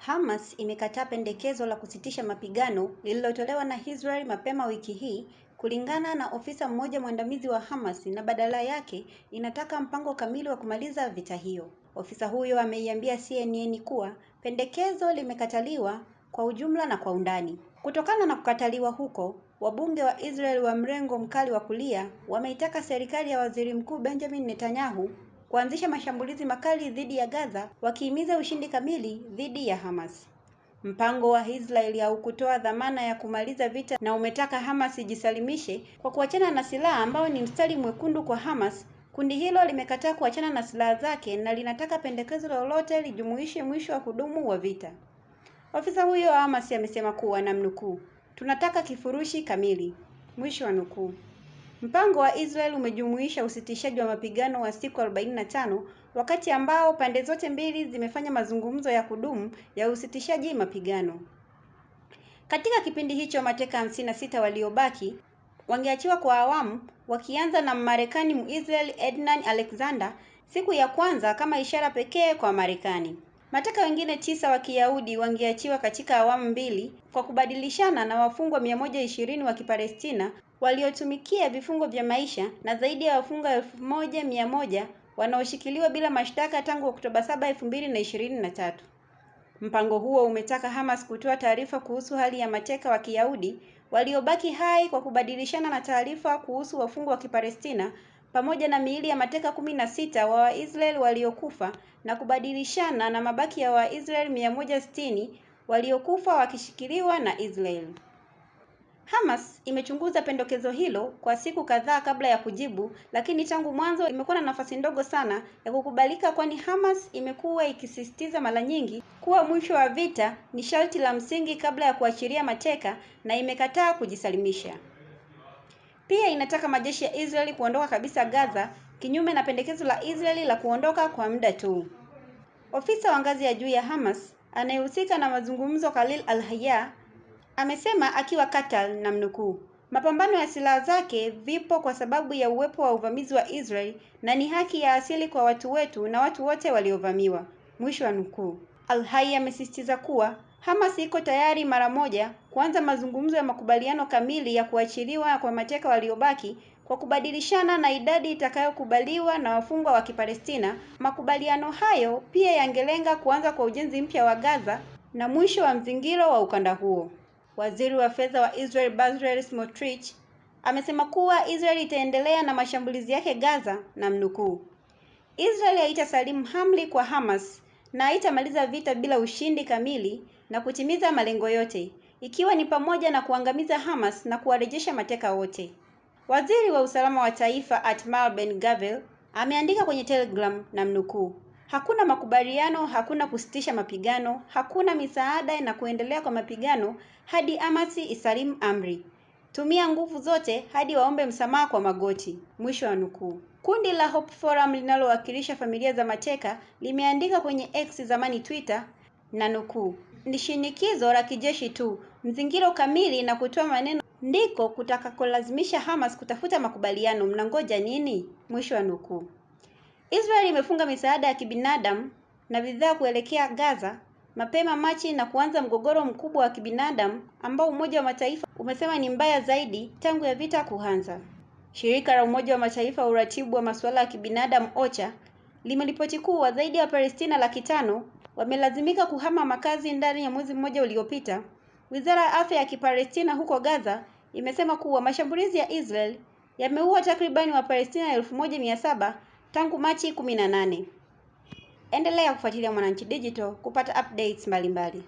Hamas imekataa pendekezo la kusitisha mapigano lililotolewa na Israel mapema wiki hii kulingana na ofisa mmoja mwandamizi wa Hamas na badala yake inataka mpango kamili wa kumaliza vita hiyo. Ofisa huyo ameiambia CNN kuwa pendekezo limekataliwa kwa ujumla na kwa undani. Kutokana na kukataliwa huko, wabunge wa Israel wa mrengo mkali wa kulia wameitaka serikali ya Waziri Mkuu Benjamin Netanyahu kuanzisha mashambulizi makali dhidi ya Gaza wakihimiza ushindi kamili dhidi ya Hamas. Mpango wa Israeli haukutoa dhamana ya kumaliza vita na umetaka Hamas ijisalimishe kwa kuachana na silaha ambao ni mstari mwekundu kwa Hamas. Kundi hilo limekataa kuachana na silaha zake na linataka pendekezo lolote lijumuishe mwisho wa kudumu wa vita. Ofisa huyo wa Hamas amesema kuwa namnukuu, tunataka kifurushi kamili, mwisho wa nukuu. Mpango wa Israel umejumuisha usitishaji wa mapigano wa siku 45 wakati ambao pande zote mbili zimefanya mazungumzo ya kudumu ya usitishaji mapigano. Katika kipindi hicho mateka 56 waliobaki wangeachiwa kwa awamu wakianza na Mmarekani Muisrael Ednan Alexander siku ya kwanza kama ishara pekee kwa Marekani. Mateka wengine tisa wa Kiyahudi wangeachiwa katika awamu mbili kwa kubadilishana na wafungwa 120 wa Kipalestina waliotumikia vifungo vya maisha na zaidi ya wafungwa 1100 wanaoshikiliwa bila mashtaka tangu Oktoba 7, 2023. Mpango huo umetaka Hamas kutoa taarifa kuhusu hali ya mateka wa Kiyahudi waliobaki hai kwa kubadilishana na taarifa kuhusu wafungwa wa Kipalestina pamoja na miili ya mateka kumi na sita wa Waisraeli waliokufa na kubadilishana na mabaki ya Waisraeli mia moja sitini waliokufa wakishikiliwa na Israeli. Hamas imechunguza pendekezo hilo kwa siku kadhaa kabla ya kujibu, lakini tangu mwanzo imekuwa na nafasi ndogo sana ya kukubalika, kwani Hamas imekuwa ikisisitiza mara nyingi kuwa mwisho wa vita ni sharti la msingi kabla ya kuachilia mateka na imekataa kujisalimisha. Pia inataka majeshi ya Israeli kuondoka kabisa Gaza, kinyume na pendekezo la Israeli la kuondoka kwa muda tu. Ofisa wa ngazi ya juu ya Hamas anayehusika na mazungumzo Khalil al-Hayya amesema akiwa Qatar, mnukuu mapambano ya silaha zake vipo kwa sababu ya uwepo wa uvamizi wa israeli na ni haki ya asili kwa watu wetu na watu wote waliovamiwa, mwisho wa nukuu. Al-Hayya amesisitiza kuwa Hamas iko tayari mara moja kuanza mazungumzo ya makubaliano kamili ya kuachiliwa kwa mateka waliobaki kwa kubadilishana na idadi itakayokubaliwa na wafungwa wa Kipalestina. Makubaliano hayo pia yangelenga kuanza kwa ujenzi mpya wa Gaza na mwisho wa mzingiro wa ukanda huo. Waziri wa Fedha wa Israel Bezalel Smotrich amesema kuwa Israel itaendelea na mashambulizi yake Gaza, na mnukuu Israel haitasalimu amri kwa Hamas na haitamaliza vita bila ushindi kamili na kutimiza malengo yote, ikiwa ni pamoja na kuangamiza Hamas na kuwarejesha mateka wote. Waziri wa usalama wa taifa atmal ben gavel ameandika kwenye Telegram na mnukuu, hakuna makubaliano, hakuna kusitisha mapigano, hakuna misaada na kuendelea kwa mapigano hadi Hamas isalimu amri. Tumia nguvu zote hadi waombe msamaha kwa magoti. Mwisho wa nukuu. Kundi la Hope Forum linalowakilisha familia za mateka limeandika kwenye X zamani Twitter na nukuu, ni shinikizo la kijeshi tu, mzingiro kamili na kutoa maneno ndiko kutakakolazimisha Hamas kutafuta makubaliano. Mnangoja nini? Mwisho wa nukuu. Israel imefunga misaada ya kibinadamu na bidhaa kuelekea Gaza mapema Machi na kuanza mgogoro mkubwa wa kibinadamu ambao Umoja wa Mataifa umesema ni mbaya zaidi tangu ya vita kuanza. Shirika la Umoja wa Mataifa uratibu wa masuala ya kibinadamu OCHA limeripoti kuwa zaidi ya Palestina laki tano wamelazimika kuhama makazi ndani ya mwezi mmoja uliopita. Wizara ya Afya ya Kipalestina huko Gaza imesema kuwa mashambulizi ya Israel yameua takribani Wapalestina elfu moja mia saba tangu Machi kumi na nane. Endelea kufuatilia Mwananchi Digital kupata updates mbalimbali.